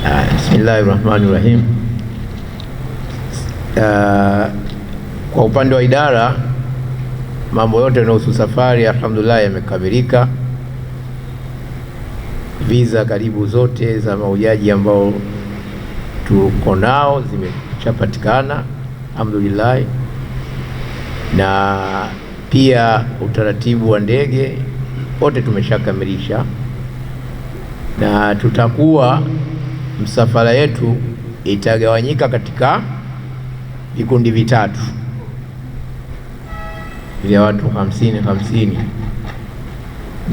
Ah, bismillahi rahmani rahim. Uh, kwa upande wa idara mambo yote yanayohusu safari alhamdulillah yamekamilika. Visa karibu zote za mahujaji ambao tuko nao zimechapatikana alhamdulillah, na pia utaratibu wa ndege wote tumeshakamilisha na tutakuwa msafara yetu itagawanyika katika vikundi vitatu vya watu hamsini hamsini.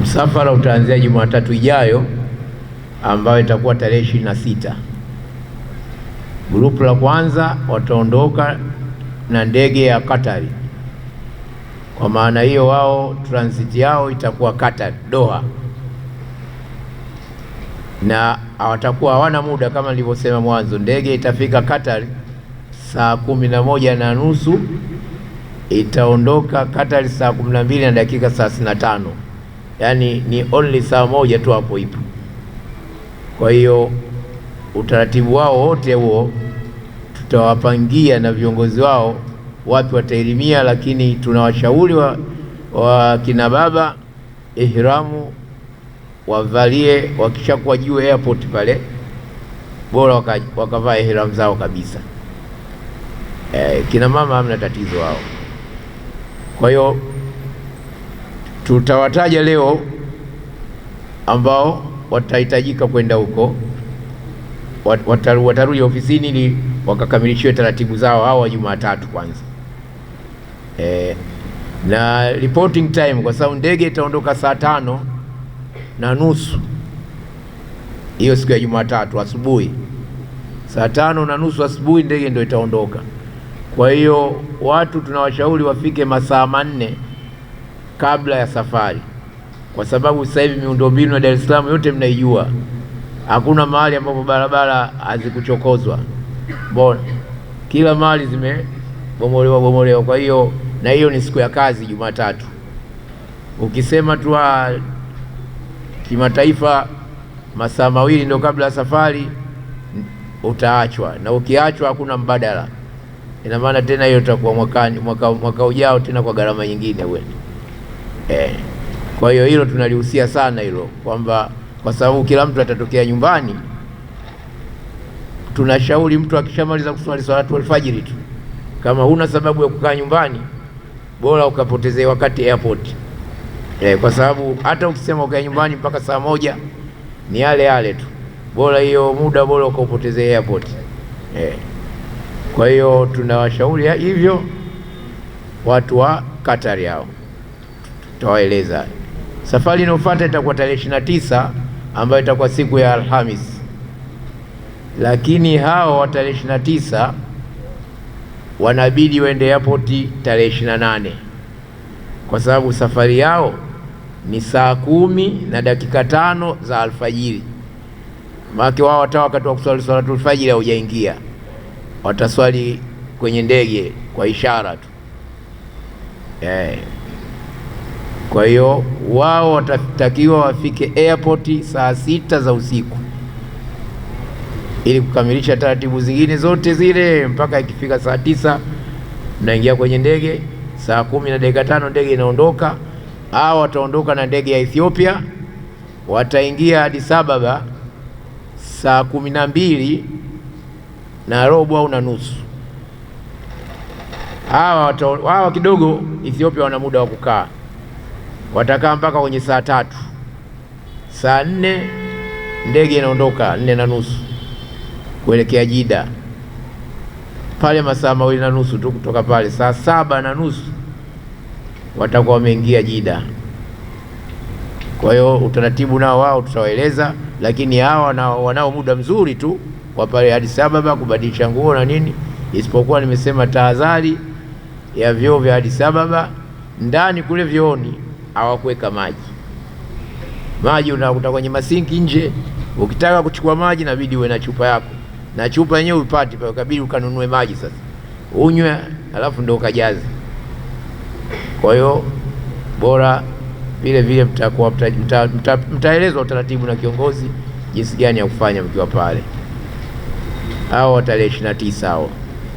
Msafara utaanzia Jumatatu ijayo ambayo itakuwa tarehe ishirini na sita. Grupu la kwanza wataondoka na ndege ya Katari. Kwa maana hiyo, wao transit yao itakuwa Katari Doha na watakuwa hawana muda kama nilivyosema mwanzo. Ndege itafika Qatar saa kumi na moja na nusu itaondoka Qatar saa kumi na mbili na dakika thelathini na tano yaani ni only saa moja tu hapo ipo. Kwa hiyo utaratibu wao wote huo tutawapangia na viongozi wao wapi wataelimia, lakini tunawashauri wa, wa kina baba ihramu wavalie, wakishakuwa juu airport pale bora wakavaa ihram zao kabisa. E, kina mama hamna tatizo hao Kwa hiyo tutawataja leo ambao watahitajika kwenda huko, watarudi ofisini ili wakakamilishiwe taratibu zao wa Jumatatu kwanza e, na reporting time kwa sababu ndege itaondoka saa tano na nusu hiyo siku ya Jumatatu asubuhi saa tano na nusu asubuhi ndege ndio itaondoka. Kwa hiyo watu tunawashauri wafike masaa manne kabla ya safari, kwa sababu sasa hivi miundombinu ya Dar es Salaam yote mnaijua, hakuna mahali ambapo barabara hazikuchokozwa. Mbona kila mahali zimebomolewa bomolewa. Kwa hiyo na hiyo ni siku ya kazi Jumatatu, ukisema tu ah, kimataifa, masaa mawili ndio kabla ya safari utaachwa, na ukiachwa hakuna mbadala. Ina maana tena hiyo itakuwa mwaka, mwaka ujao tena kwa gharama nyingine wewe eh. Kwa hiyo hilo tunalihusia sana hilo, kwamba kwa sababu kila mtu atatokea nyumbani, tunashauri mtu akishamaliza kuswali salatu alfajiri tu, kama huna sababu ya kukaa nyumbani, bora ukapotezee wakati airport eh, kwa sababu hata ukisema ukae nyumbani mpaka saa moja ni yale yale tu, bora hiyo muda bora ukaupoteze airport eh. Kwa hiyo tunawashauri hivyo watu wa Katari hao, tutawaeleza safari inayofuata itakuwa tarehe ishirini na tisa ambayo itakuwa siku ya Alhamis, lakini hao wa tarehe ishirini na tisa wanabidi waende airport tarehe ishirini na nane kwa sababu safari yao ni saa kumi na dakika tano za alfajiri. Maana wao hata wakati wa kuswali swalatul fajiri haujaingia, wataswali kwenye ndege kwa ishara tu eh. Kwa hiyo wao watatakiwa wafike airport saa sita za usiku ili kukamilisha taratibu zingine zote zile mpaka ikifika saa tisa mnaingia kwenye ndege. Saa kumi na dakika tano ndege inaondoka hao wataondoka na ndege ya Ethiopia, wataingia Addis Ababa saa kumi na mbili na robo au na nusu. Hawa kidogo Ethiopia wana muda wa kukaa, watakaa mpaka kwenye saa tatu. Saa nne ndege inaondoka nne na nusu kuelekea Jida, pale masaa mawili na nusu tu kutoka pale, saa saba na nusu watakuwa wameingia jida. Kwa hiyo utaratibu nao wao tutawaeleza, lakini hawa wanao muda mzuri tu wa pale Addis Ababa kubadilisha nguo na nini, isipokuwa nimesema tahadhari ya vyoo vya Addis Ababa, ndani kule vyooni hawakuweka maji. Maji unakuta kwenye masinki nje. Ukitaka kuchukua maji inabidi uwe na chupa yako, na chupa yenyewe upati pale, ukabidi ukanunue maji sasa unywe, alafu ndio ukajaze. Kwa hiyo bora vile vile mtakuwa mtaelezwa mta, mta utaratibu na kiongozi jinsi gani ya kufanya mkiwa pale. Hao wa tarehe ishirini na tisa hao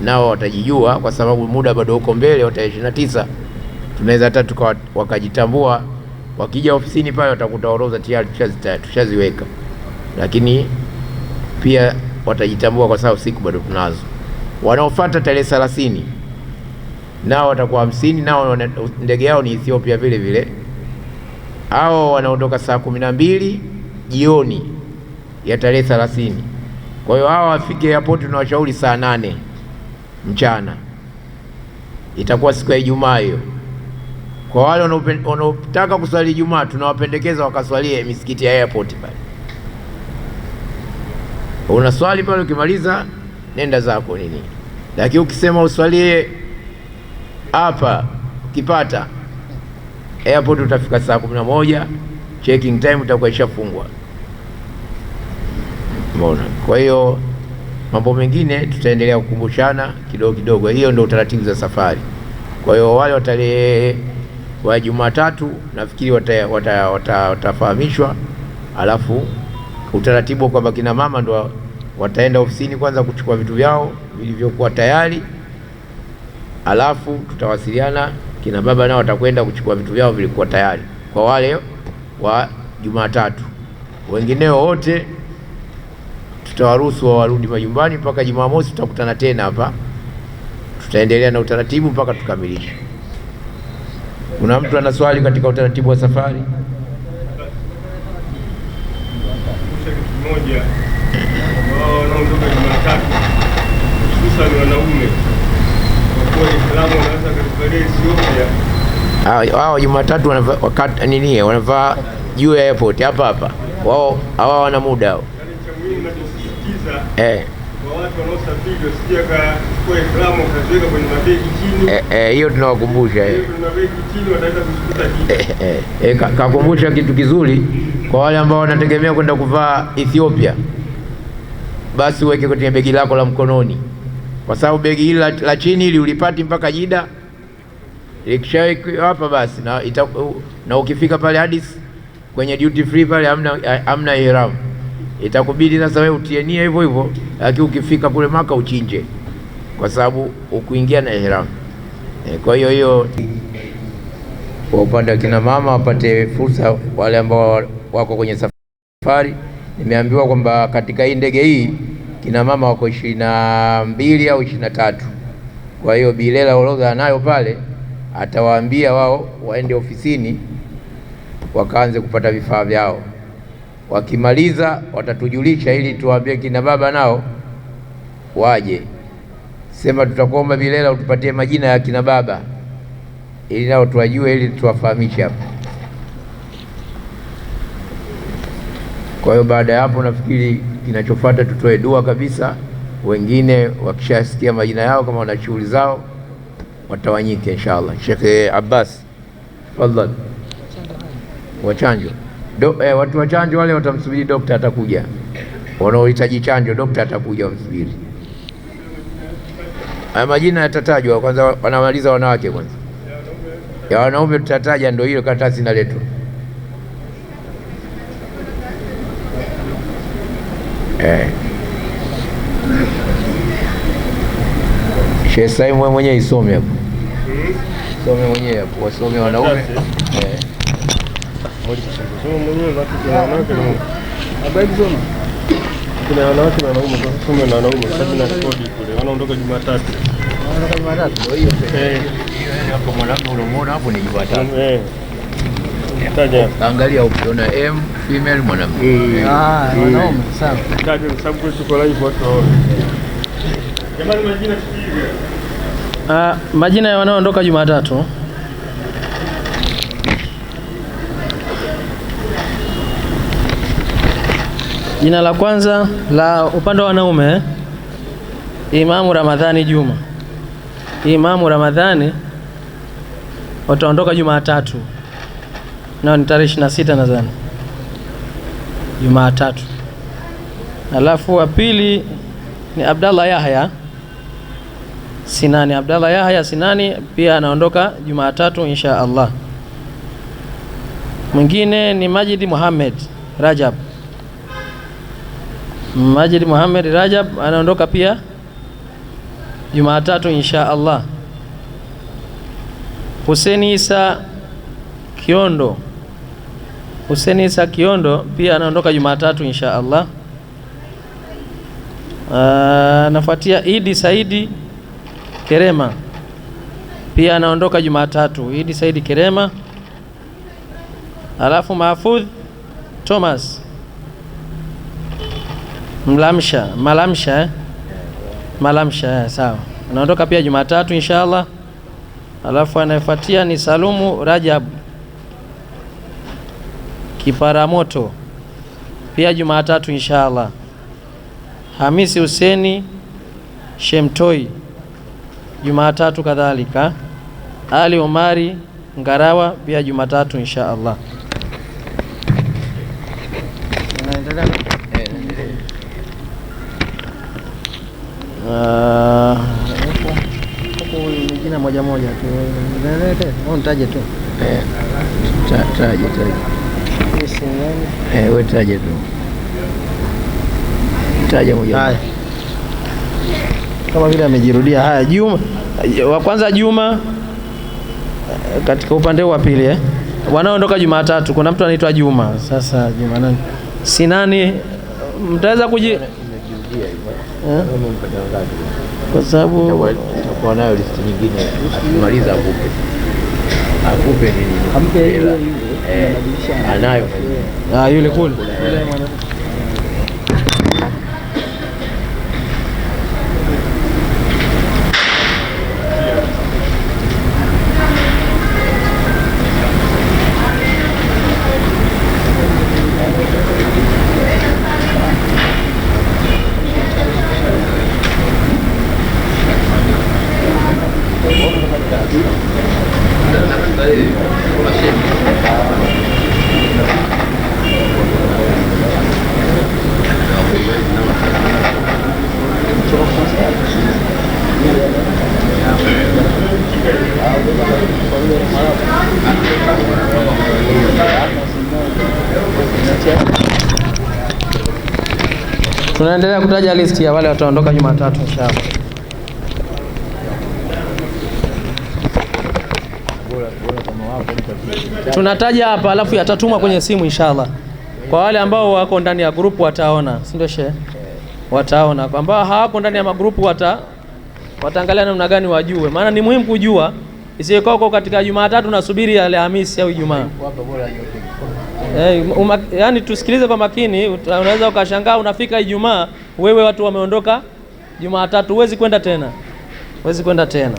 nao watajijua, kwa sababu muda bado uko mbele. Wa tarehe ishirini na tisa tunaweza hata wakajitambua, wakija ofisini pale watakuta orodha tayari tushaziweka, lakini pia watajitambua, kwa sababu siku bado tunazo. Wanaofuata tarehe thelathini nao watakuwa hamsini, nao ndege yao ni Ethiopia vile vile. Hao wanaondoka saa kumi na mbili jioni ya tarehe thelathini. Kwa hiyo hao wafike airport tunawashauri saa nane mchana, itakuwa siku ya Ijumaa hiyo. Kwa wale wanaotaka kuswali Ijumaa tunawapendekeza wakaswalie misikiti ya airport pale. Unaswali pale, ukimaliza nenda zako nini, lakini ukisema uswalie hapa ukipata airport utafika saa kumi na moja, checking time itakuwa ishafungwa. Mbona? Kwa hiyo mambo mengine tutaendelea kukumbushana kidogo kidogo. Hiyo ndio utaratibu za safari. Kwa hiyo wale watale wa Jumatatu nafikiri watafahamishwa wata, wata, wata alafu utaratibu kwamba kina mama ndo wataenda ofisini kwanza kuchukua vitu vyao vilivyokuwa tayari alafu tutawasiliana, kina baba nao watakwenda kuchukua vitu vyao vilikuwa tayari kwa wale wa Jumatatu. Wengineo wote tutawaruhusu wawarudi majumbani mpaka Jumamosi, tutakutana tena hapa, tutaendelea na utaratibu mpaka tukamilishe. Kuna mtu ana swali katika utaratibu wa safari? wanaume wao ah, Jumatatu wakati nini wanavaa juu ya airport hapa hapa, wao hawa wana muda wao eh. Eh, eh hiyo tunawakumbusha eh. kakumbusha kitu kizuri kwa wale ambao wanategemea kwenda kuvaa Ethiopia, basi uweke kwenye begi lako la mkononi kwa sababu begi hili la, chini ili ulipati mpaka Jida ikishawekiwa hapa basi na, ita, na ukifika pale Addis kwenye duty free pale amna, amna ihram, itakubidi sasa wewe utienie hivyo hivyo, lakini ukifika kule Maka uchinje, kwa sababu ukuingia na ihram e. Eh, kwa hiyo hiyo kwa upande wa kina mama wapate fursa, wale ambao wako kwenye safari, nimeambiwa kwamba katika hii ndege hii kina mama wako ishirini na mbili au ishirini na tatu. Kwa hiyo Bilela orodha anayo pale, atawaambia wao waende ofisini wakaanze kupata vifaa vyao. Wakimaliza watatujulisha ili tuwaambie kina baba nao waje. Sema tutakuomba Bilela utupatie majina ya kina baba ili nao tuwajue, ili tuwafahamishe hapo Kwa hiyo baada ya hapo nafikiri kinachofuata tutoe dua kabisa. Wengine wakishasikia majina yao kama wana shughuli zao watawanyike inshallah. Sheikh Abbas, tafadhali Wachanjo chanjo Do, eh, watu wachanjo wale watamsubiri dokta, atakuja. Wanaohitaji chanjo dokta atakuja, wamsubiri. Majina yatatajwa kwanza, wanamaliza wanawake kwanza, ya wanaume tutataja, ndio hiyo karatasi inaletwa. eh. Sheikh Saim wewe mwenyewe isome hapo, some mwenyewe hapo, wasome eh. wanaume kuna wanawake na wanaume na wanaume Jumatatu. Kwa eh. hapo mwanangu unamuona hapo ni Jumatatu. Eh. Taja. ukiona M female mwanamke. Eh, ah, eh. mwanaume sawa. Taja sababu tuko live watu waone. Jamani majina tukipiga. Ah, majina ya wanaoondoka Jumatatu. Jina la kwanza la upande wa wanaume Imamu Ramadhani Juma. Imamu Ramadhani wataondoka Jumatatu nao ni tarehe ishirini na sita nadhani Jumatatu. Alafu wa pili ni Abdallah Yahya Sinani. Abdallah Yahya Sinani pia anaondoka Jumatatu insha Allah. Mwingine ni majidi Muhammad Rajab. majidi Muhammad Rajab anaondoka pia Jumatatu insha Allah. Hussein Isa Kiondo Hussein Isa Kiondo pia anaondoka Jumatatu insha Allah. Ah, anafuatia Idi Saidi Kerema pia anaondoka Jumatatu, Idi Saidi Kerema. Alafu Mahfudh Thomas Mlamsha Malamsha eh? Malamsha eh, sawa, anaondoka pia Jumatatu insha Allah. Alafu anayefuatia ni Salumu Rajab Kiparamoto pia Jumatatu inshaallah. Hamisi Huseni Shemtoi Jumatatu kadhalika. Ali Omari Ngarawa pia Jumatatu inshaallah. Uh, ah. moja moja tu, oh, nitaje tu, taje eh. taje Eh, wewe taje tu. Taja moja. Haya. Kama vile amejirudia. Haya, Juma wa kwanza Juma katika upande wa pili eh? wanaondoka Jumatatu kuna mtu anaitwa Juma. Sasa Juma nani? Si nani? Mtaweza kuji eh? kwa sababu kwa nayo listi nyingine akimaliza akupe. Akupe nini? Ampe Eh, anayo ah, yule kule Tunaendelea kutaja listi ya wale wataondoka Jumatatu inshallah. Tunataja hapa alafu yatatumwa kwenye simu inshallah. Kwa wale ambao wako ndani ya grupu wataona, si ndio shehe? Wataona. Kwa ambao hawako ndani ya magrupu wata wataangalia namna gani wajue, maana ni muhimu kujua, isiwekao katika Jumatatu nasubiri Alhamisi au Ijumaa. Hey, eh, umak, um, um, yani tusikilize kwa makini, unaweza ukashangaa unafika Ijumaa wewe watu wameondoka Jumatatu, huwezi kwenda tena, huwezi kwenda tena.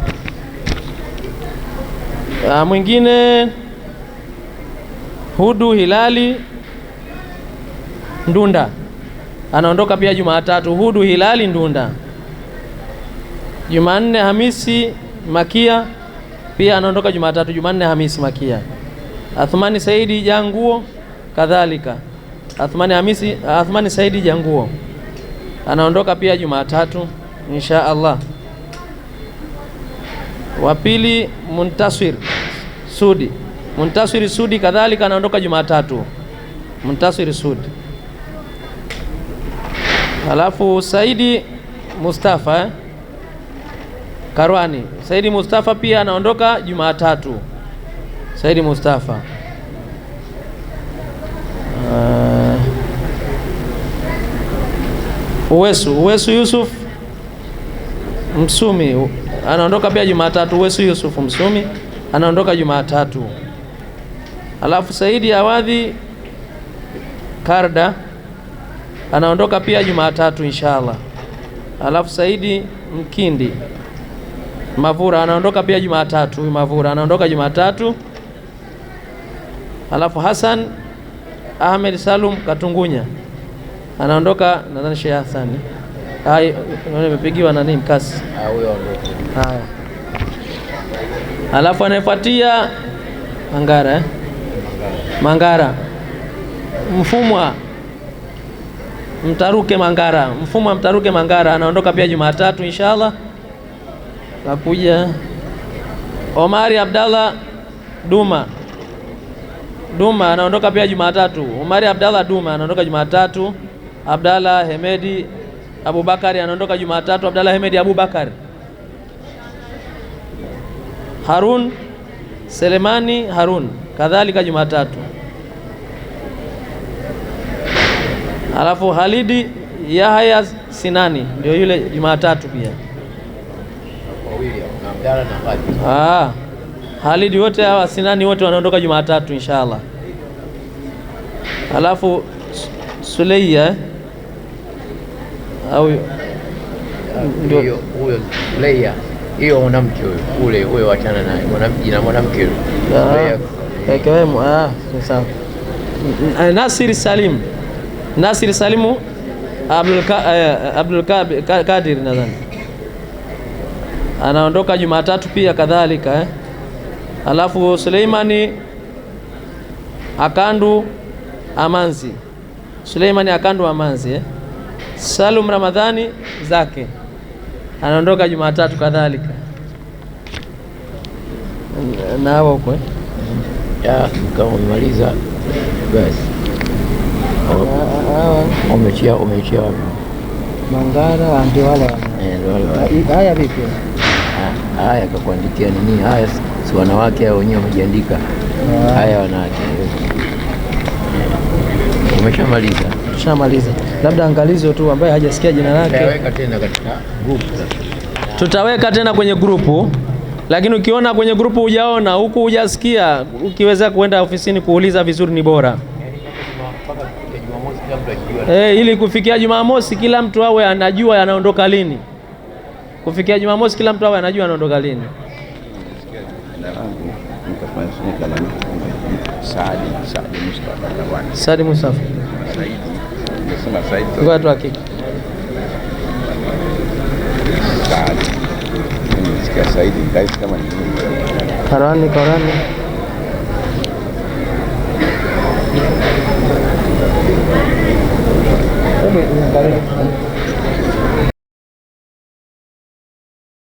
Uh, mwingine Hudu Hilali Ndunda anaondoka pia Jumatatu. Hudu Hilali Ndunda. Jumanne Hamisi Makia pia anaondoka Jumatatu. Jumanne Hamisi Makia. Athmani Saidi Janguo kadhalika Athmani Hamisi, Athmani Saidi Janguo anaondoka pia Jumatatu insha Allah. Wa pili Muntaswir Sudi, Muntaswir Sudi kadhalika anaondoka Jumatatu, Muntaswir Sudi. Alafu Saidi Mustafa eh? Karwani Saidi Mustafa pia anaondoka Jumatatu, Saidi Mustafa Uwesu, Uwesu Yusuf Msumi anaondoka pia Jumatatu. Uwesu Yusuf Msumi anaondoka Jumatatu, alafu Saidi Awadhi Karda anaondoka pia Jumatatu inshallah. Alafu Saidi Mkindi Mavura anaondoka pia Jumatatu. Huyu Mavura anaondoka Jumatatu. Alafu Hassan Ahmed Salum Katungunya anaondoka nadhani Sheikh Hassan imepigiwa na nini mkasi. Ah, Haya, alafu anayefuatia Mangara eh? Mangara Mfumwa Mtaruke Mangara Mfumwa Mtaruke Mangara anaondoka pia Jumatatu inshallah. nakuja Omari Abdallah Duma Duma anaondoka pia Jumatatu. Omari Abdallah Duma anaondoka Jumatatu. Abdalla Hemedi Abubakari anaondoka Jumatatu. Abdalla Hemedi Abubakari, Harun Selemani Harun kadhalika Jumatatu. Alafu Halidi Yahya Sinani ndio yule Jumatatu pia. Ah, Halidi wote hawa Sinani wote wanaondoka Jumatatu inshallah. Alafu Suleia eh? au ndio huyo player hiyo mwanamke huyo ule huyo, wachana naye mwanamke na mwanamke huyo. Ah, ah, ah, Nasir Salim, Nasir Salimu Abdul eh, Kadir nadhani anaondoka Jumatatu pia kadhalika eh. Alafu Suleimani Akandu Amanzi, Suleimani Akandu Amanzi eh. Salum Ramadhani zake anaondoka Jumatatu kadhalika na hapo eh? ya kama umemaliza basi umechia umechia wapi? Mangara ndio wale eh, haya. Vipi haya, kakuandikia nini? Haya si wanawake hao wenyewe wamejiandika ah. haya, wanawake eh. umeshamaliza? Ushamaliza labda angalizo tu ambaye hajasikia jina lake tutaweka tena kwenye grupu. Lakini ukiona kwenye grupu hujaona huku hujasikia, ukiweza kuenda ofisini kuuliza vizuri ni bora eh, ili kufikia Jumamosi kila mtu awe anajua anaondoka lini. Kufikia Jumamosi kila mtu awe anajua anaondoka lini. Saadi Mustafa Umesema Said, ngoja tu hakika Said Said kama ni Karani Karani